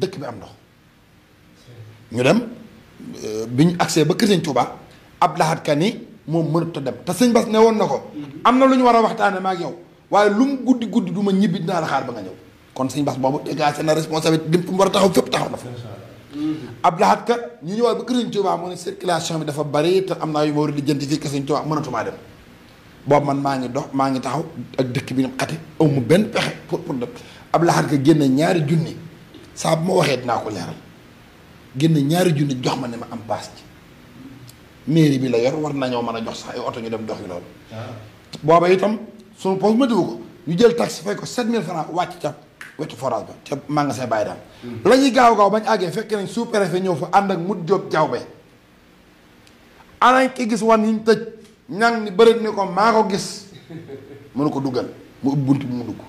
dëkk bi am ndox ñu dem euh, bi ñu agsee ba kër sëñ Touba Abdou Lahad Kani moom mënut a dem te sëñ Bass ne woon na ko. Mhm. am na lu ñu war a waxtaanee ma ak yow waaye lu mu guddi guddi du ma ñibbi dinaa la xaar ba nga ñëw kon sëñ Bass boobu dégagé na responsabilité dim fu mu war a taxaw fépp taxaw na fa. Mhm. Abdou Lahad Ka ñu ñëwaat ba kër sëñ Touba mu ne circulation bi dafa bari te am naa yu ma war a lijjanti fii kër sëñ Touba mënatumaa dem. boobu man maa ngi dox maa ngi taxaw ak dëkk bi ñu xati aw mu benn pexe pour pour dem Abdou Lahad ñaari junni saa bu ma waxee dinaa ko leeral génn ñaari junni jox ma ne ma am paas ci mairie bi la yor war nañoo mën a jox sax ay oto ñu dem dox yi loolu. booba itam sunu poche ma ko ñu jël taxi fay ko 7000 francs wàcc ca wetu forage ba ca magasin bàyyi daal. la ñuy gaaw gaaw bañ àggee fekk nañ sous préfet ñëw fa ànd ak mut jóob jawbe anañ ki gis wan yi ñu tëj ñang ni bërit ni ko maa ko gis mënu ko duggal mu ubbi bunt bi mu dugg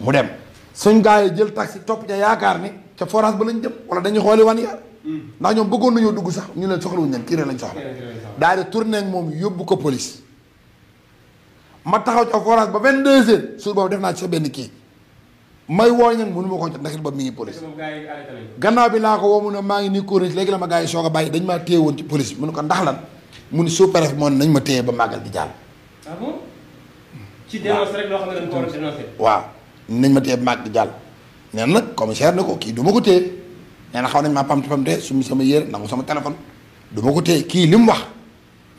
mu dem. suñ gaa yi jël taxi topp ca yaakaar ni ca forage ba lañ jëm wala dañuy xooli wan yaar ndax ñoom bëggoon nañoo dugg sax ñu leen soxlawuñ leen kii rek lañ soxla daal di yóbbu ko police ma taxaw ca forage ba vingt deux heures suur boobu def naa ci sa benn kii may woo ñan mënu ma ko jot ndax it boobu mi ngi police gannaaw bi laa ko woo mu ne maa ngi nii kóorin léegi la ma gaa yi soog a bàyyi dañ maa téye woon ci police bi ko ndax lan mu ne sous préfet moo ne nañ ma téye ba màggal di jàll ah ci a dénoncé waaw nañ ma téye maag di jàll nee na nag commissaire ne ko kii du ma ko téye nee na xaw nañ maa pamte pamte su mu sama yére nangu sama téléphone du ma ko téye kii li mu wax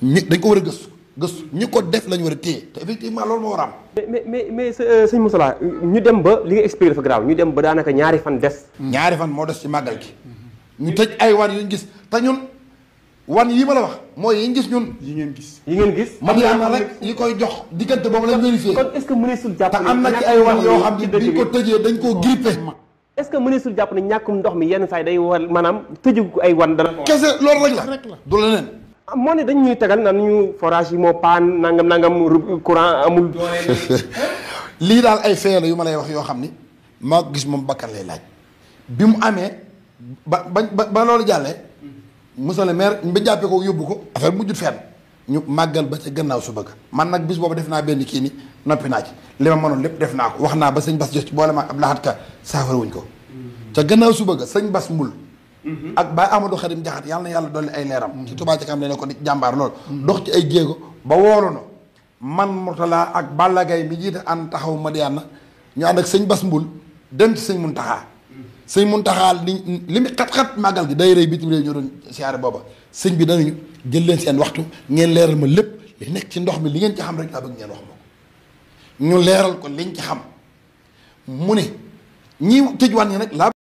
nit dañ ko war a gëstu gëstu ñi ko def lañ war a téye te effectivement loolu moo war a am. mais mais mais euh, sëñ Moussa ñu dem ba li nga expliqué dafa garaaw ñu dem ba daanaka ñaari fan des. ñaari fan moo des ci màggal gi. ñu tëj ay waan yu ñu gis te ñun. wan yi ma la wax moy yi ngiss ñun yi ngeen giss yi ngeen giss man yaa am rek yi koy jox diggante boobu la vérifier kon est ce que mëneesul japp te amna ci ay wan yo xam ne biñ ko tejé dañ ko gripper est ce que mëneesul japp ne ñàkkum ndox mi yenn say day manam tejju ko ay wan dara ko lool rek la du leneen ah, mo ne dañ ñuy tegal nan ñu forage yi moo paan nangam nangam courant amul li dal ay fée la yu ma lay wax yo xam ni maa gis moom bakkan lay laaj bi mu ba ba ba loolu monsieur le maire ba jàppee ko yóbbu ko affaire mujjut fenn ñu màggal ba ca gannaaw su bëgg man nag bis boobu def naa benn kii ni noppi naa ci li ma mënoon lépp def naa ko wax naa ba sëñ bas jos ci boole ma ab laxat ka saafara ko ca gannaaw su bëgg sëñ bas mbul mm-hmm. ak Baye Amadou Xadim Jaxat yàlla yàlla dolli ay leeram mm-hmm. ci Touba ca kanam ne ko di jàmbaar lool dox ci ay jéego ba woolu man Mourtala ak Balla Gaye mi jiite ànd taxaw Madiana ñu ànd ak sëñ bas mbul dem ci sëñ Muntaxa سي منتخال لي خات خات ماغال دي داي ري بيتم لي نيورون سيار بابا سيغ بي داني جيل لين سين وقتو نين ليرال ما ليب لي نيك سي ندوخ مي لي نين تي خام نين وخمو نيو ليرال كو لين تي خام موني